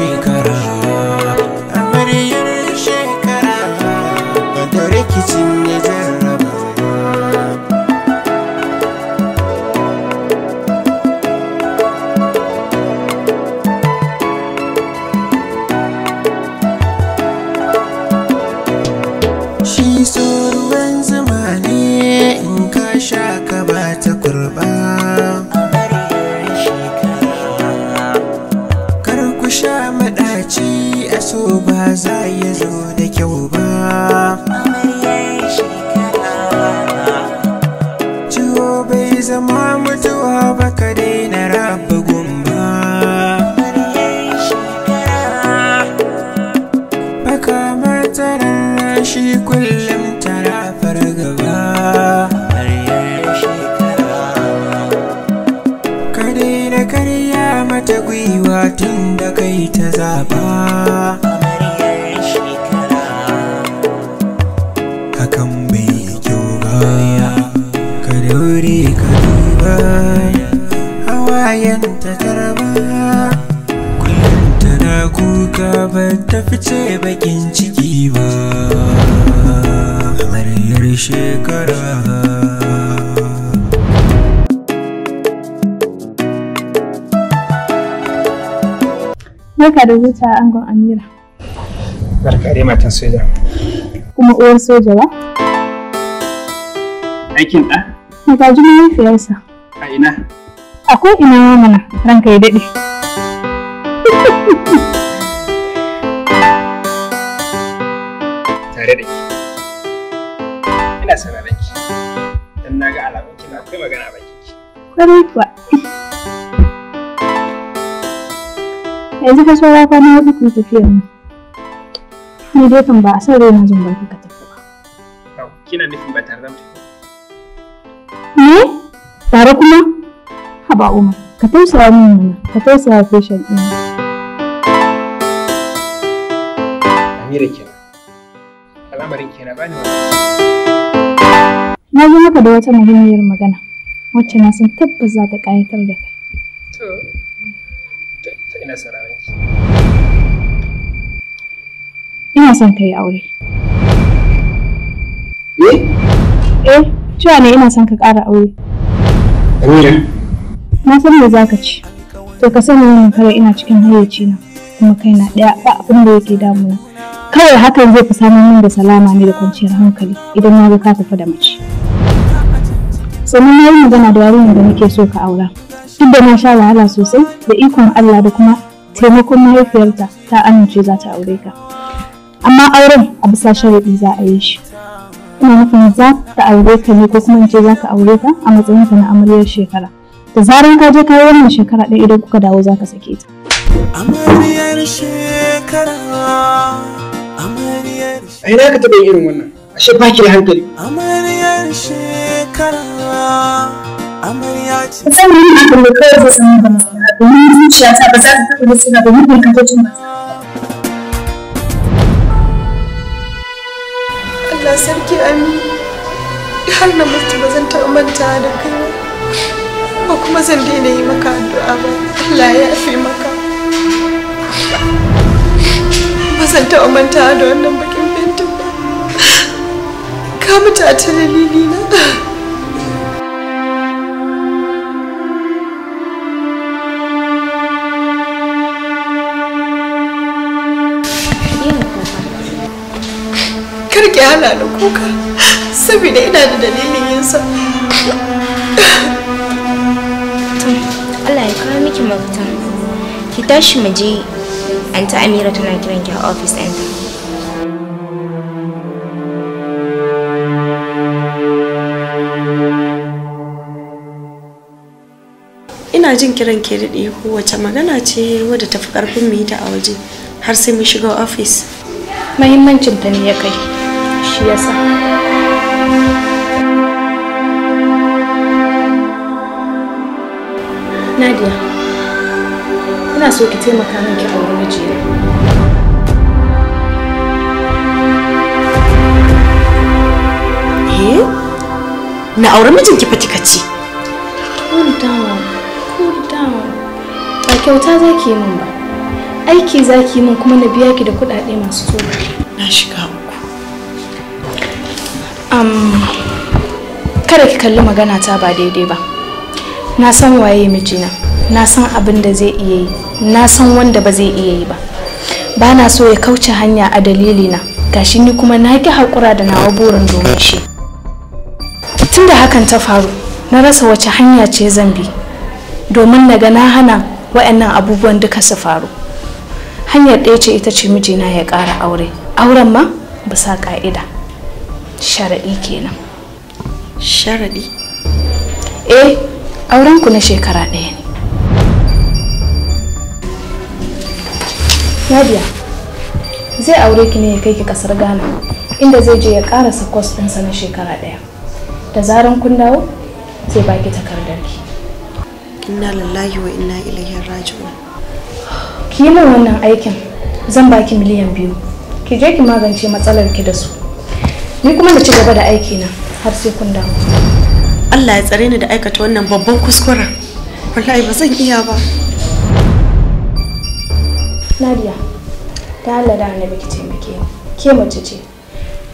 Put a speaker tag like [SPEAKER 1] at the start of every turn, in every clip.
[SPEAKER 1] Africa mata gwiwa tun da kai ta zaba hakan bai kyau ba ka daure ka duba hawayen tarba kullum tana kuka ba ta fice bakin ciki ba amaryar shekara
[SPEAKER 2] Barka da zuta angon Amira. Barka dai matan soja. Kuma uwar soja ba? Aikin ɗa? Magaji mahaifiyarsa. A ina? A ko ina mana ranka ya daɗe. Tare da ke. Ina sauraron ki. Dan na ga alamun kina akwai magana a bakin ki. Kwarai kuwa. yanzu ka saura kwana hudu kuma tafiya mu ni dai kan ba a san raina zan bar ka tafi
[SPEAKER 1] ba kina
[SPEAKER 2] nufin ba tare da ne tare kuma haba umar ka tausaya min mana ka tausaya fashion din
[SPEAKER 1] Amira kenan al'amarin kenan bani
[SPEAKER 2] na ji maka da wata muhimmiyar magana wacce na san tabbas za ta ƙayatar da kai ina ki ina son ka yi aure eh eh cewa ne ina son ka ƙara aure Amira na san me zaka ci to ka sani wannan kare ina cikin hayyaci na kuma na ɗaya ba abin da yake damuwa. kawai hakan zai fi samun min da salama ne da kwanciyar hankali idan na ga ka tafi da mace sannan na yi magana da yarinyar da nake so ka aura duk da na sha wahala sosai da ikon Allah da kuma taimakon mahaifiyarta ta amince za ta aure ka amma auren a bisa sharaɗi za a yi shi ina nufin za ta aure ka ne ko kuma in ce za ka aure ka a matsayin ka na amaryar shekara da zaran ka je kayi wannan shekara ɗaya idan kuka dawo za ka sake ta.
[SPEAKER 1] Amaryar shekara Amaryar shekara A ina ka taɓa irin wannan? Ashe ba ki da hankali. Amaryar shekara zan yi abin da kawai zai
[SPEAKER 2] samu da matsala domin zuciya ta ba za ta taɓa gaskiya ba mutum ka ta matsala. Allah sarki ami har na mutu ba zan taɓa manta da kai ba kuma zan daina yi maka addu'a ba Allah ya fi maka. Ba zan taɓa manta da wannan bakin fentin ba. Ka mutu a ta dalilina. karki hana na kuka saboda ina da dalilin sa Allah
[SPEAKER 1] ya kawo miki mafita ki tashi mu je anta amira tana kiran ki a office ɗinta
[SPEAKER 2] ina jin kiran ke daɗe kowace magana ce wadda ta fi ƙarfin mu yi ta a waje har sai mun shiga ofis. Mahimmancin ta ne ya kai. shi Nadia ina so ki taimaka min ki aure mijina eh na aure mijin ki fati kace cool down cool down ba kyauta zaki yi min ba aiki zaki yi min kuma na biya ki da kuɗaɗe masu tsoro. na shiga kada ki kalli magana ta ba daidai ba na san waye mijina na san abin da zai iya yi na san wanda ba zai iya yi ba ba na so ya kauce hanya a dalilina gashi ni kuma na ki haƙura da nawa burin domin shi tun da hakan ta faru na rasa wace hanya ce zan bi domin na ga na hana wa'annan abubuwan duka su faru hanyar ɗaya ce ita ce mijina ya ƙara aure auren ma bisa ƙa'ida sharaɗi kenan sharaɗi eh aurenku na shekara ɗaya ne Nadia zai aure ki ne ya kai ki ƙasar Ghana inda zai je ya karasa kwas ɗinsa na shekara ɗaya. Da zaran kun dawo zai baki takardar ki. Inna lillahi wa inna ilaihi raji'un. Ki yi min wannan aikin zan baki miliyan biyu. Ki je ki magance matsalar ki da su. ni kuma na ci gaba da aiki na har sai kun dawo Allah ya tsare ni da aikata wannan babban kuskura wallahi ba zan iya ba Nadia ta Allah da annabi ki taimake ke mace ce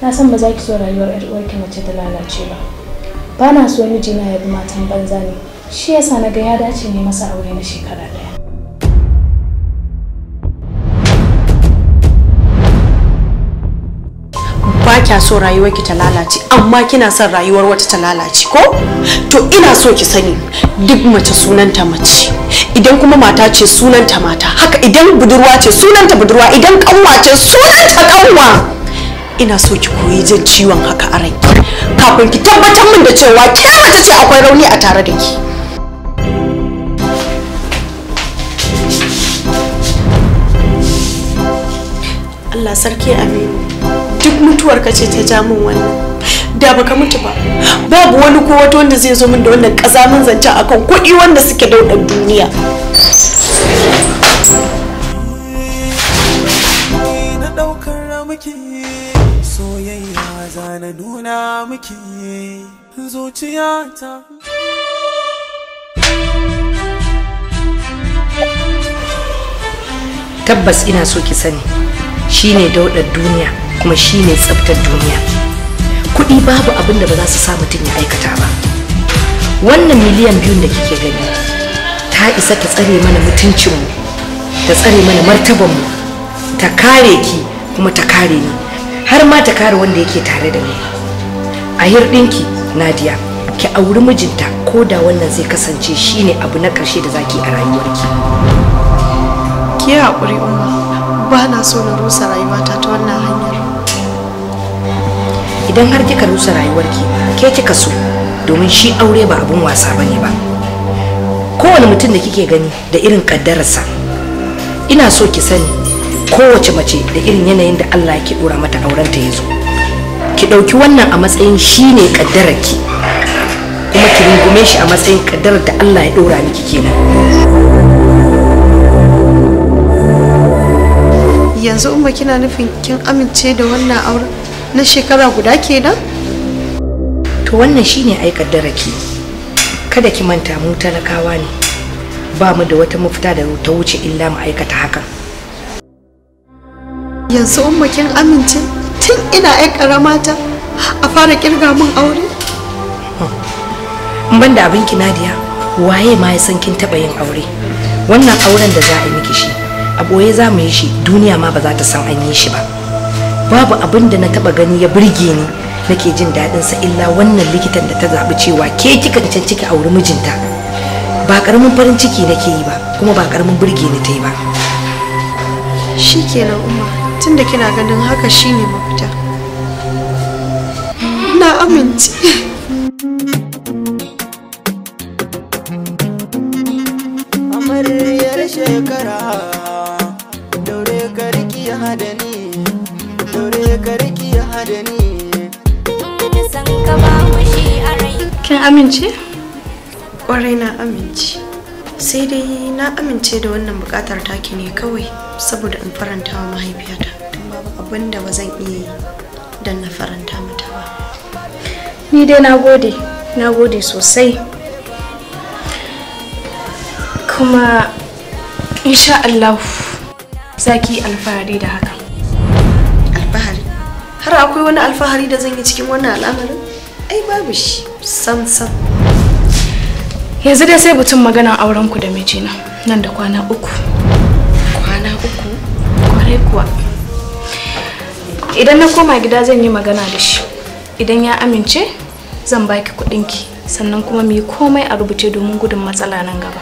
[SPEAKER 2] na san ba za ki so rayuwar ƴar ki mace ta lalace ba ba na so mijina ya bi matan banza ne shi yasa na ga ya dace ne masa aure na shekara ɗaya kya so rayuwarki ta lalace amma kina son rayuwar wata ta lalace ko to ina so ki sani duk mace sunanta mace idan kuma mata ce sunanta mata haka idan budurwa ce sunanta budurwa idan kanwa ce sunanta kanwa ina so ki koyi jin ciwon haka a ranki kafin ki tabbatar min da cewa ke mace ce akwai rauni a tare da ki Allah sarki aminu duk mutuwar ka ce ta ja min wannan da baka mutu ba babu wani ko wata wanda zai zo min da wannan kazamin zance akan kuɗi wanda suke daudar
[SPEAKER 1] duniya soyayya za tabbas ina so ki sani shine daudar duniya kuma shi ne tsaftar duniya kuɗi babu abin da ba za su sa mutum ya aikata ba wannan miliyan biyun da kike gani ta isa ta tsare mana mutuncinmu ta tsare mana martabanmu ta kare ki kuma ta kare ni har ma ta kare wanda yake tare da ni a hirɗinki nadia ki auri mijinta ko da wannan zai kasance shine abu na ƙarshe da zaki a rayuwarki ki haƙuri
[SPEAKER 2] ba na so na rusa rayuwata ta wannan hanya
[SPEAKER 1] idan har kika rusa rayuwarki ke kika so domin shi aure ba abun wasa bane ba kowane mutum da kike gani da irin kaddararsa ina so ki sani kowace mace da irin yanayin da Allah ke dora mata aurenta ya zo ki dauki wannan a matsayin shine kaddararki kuma ki rungume shi a matsayin kaddarar da Allah ya dora miki kenan yanzu umma
[SPEAKER 2] kina nufin kin amince da wannan auren na shekara guda kenan
[SPEAKER 1] to wannan shine ai kaddara ki kada ki manta mu talakawa ne ba mu da wata mafita da ta wuce illa mu aikata hakan yanzu kin amince tun ina ai karamata a fara kirga mun aure hmm. ban da abin kinadiya waye ma ya san kin taba yin aure wannan auren da za a yi miki shi a boye za mu yi shi duniya ma ba za ta san an yi shi ba babu abin da na taba gani ya burge ni nake jin daɗin sa illa wannan likitan da ta zaɓi cewa ke kika can ciki auri mijinta ba karamin farin ciki nake yi ba kuma ba karamin burge ni ta ba
[SPEAKER 2] shikenan umma tunda kina ganin haka shine mafita na aminci.
[SPEAKER 1] shekara
[SPEAKER 2] Kin amince? Ƙwarai na amince. Sai dai na amince da wannan buƙatar taki ne kawai saboda in faranta wa mahaifiyata. tun babu abin da ba zan iya yi don na faranta mata ba. Ni dai na gode, na gode sosai. Kuma insha Allah za ki alfahari da haka. Alfahari? Har akwai wani alfahari da zan yi cikin wannan al'amarin? ai babu shi sam sam yanzu dai sai butum magana auren ku da mijina nan da kwana uku kwana uku kwarai kuwa idan na koma gida zan yi magana da shi idan ya amince zan baki ki sannan kuma mu yi komai a rubuce domin gudun matsala nan gaba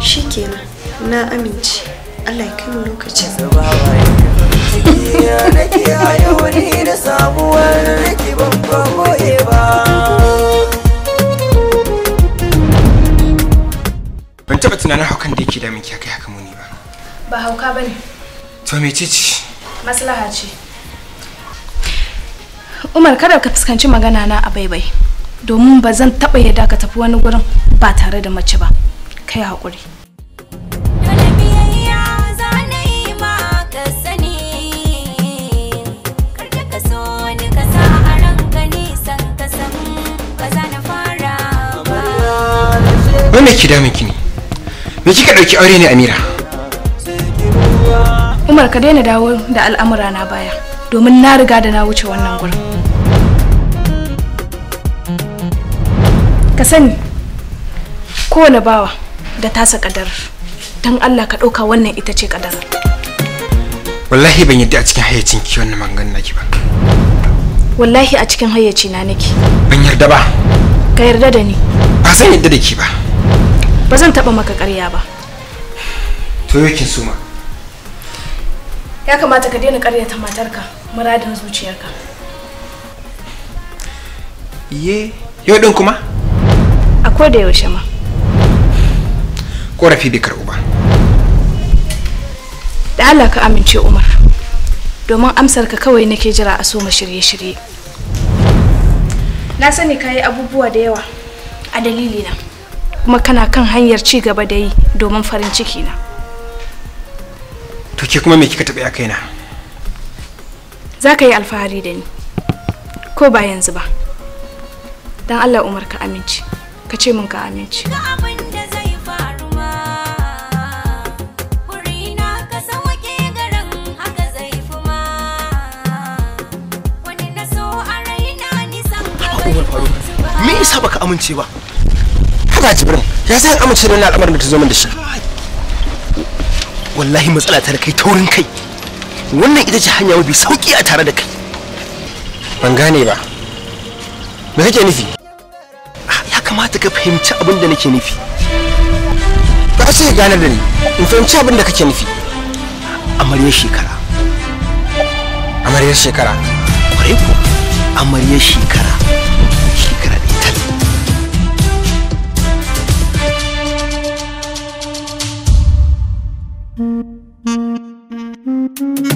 [SPEAKER 1] shikenan na amince Allah ya kai mu lokacin nake da samuwar riki babban ba ban taba tunanin haukan da yake da miki kai haka muni ba
[SPEAKER 2] ba hauka bane
[SPEAKER 1] to mece ce
[SPEAKER 2] maslaha ce Umar kada ka fuskanci magana na a baibai domin ba zan taba yadda ka tafi wani gurin ba tare da mace ba kai haƙuri
[SPEAKER 1] me ki dame ki ne me kika dauki aure ne Amira Umar ka
[SPEAKER 2] daina dawo da al'amura na baya domin na riga da na wuce wannan gurin ka sani kowane bawa da tasa kadar dan Allah ka ɗauka wannan ita ce kadar
[SPEAKER 1] wallahi ban yadda a cikin hayyacin ki wannan mangan naki ba
[SPEAKER 2] wallahi a cikin hayyaci na nake ban yarda ba ka yarda da ni
[SPEAKER 1] ba san yadda da ki ba
[SPEAKER 2] ba zan taba maka ƙarya ba
[SPEAKER 1] to suma
[SPEAKER 2] ya kamata ka daina ƙaryata matarka muradin zuciyarka
[SPEAKER 1] Ye, yau din kuma a da yaushe ma ƙorafi bai karɓu ba
[SPEAKER 2] da Allah ka amince umar domin amsarka kawai nake jira a soma shirye-shirye na sani ka yi abubuwa da yawa a dalilina kuma kana kan hanyar ci gaba da yi domin farin ciki na
[SPEAKER 1] to ke kuma me kika taɓa ya kaina
[SPEAKER 2] za ka yi alfahari da ni ko ba yanzu ba don allah umar ka aminci ka ce min ka aminci
[SPEAKER 1] Me isa baka amince ba? haba jibrin ya san amince da al'amar da ta zo min da shi wallahi matsala ta da kai taurin kai wannan ita ce hanya mafi sauki a tare da kai ban gane ba me kake nufi ah, ya kamata ka fahimci abin da nake nufi ba ka ce gane da ni in fahimci abin da kake nufi amaryar shekara amaryar shekara kwarai ku. amaryar shekara Thank you.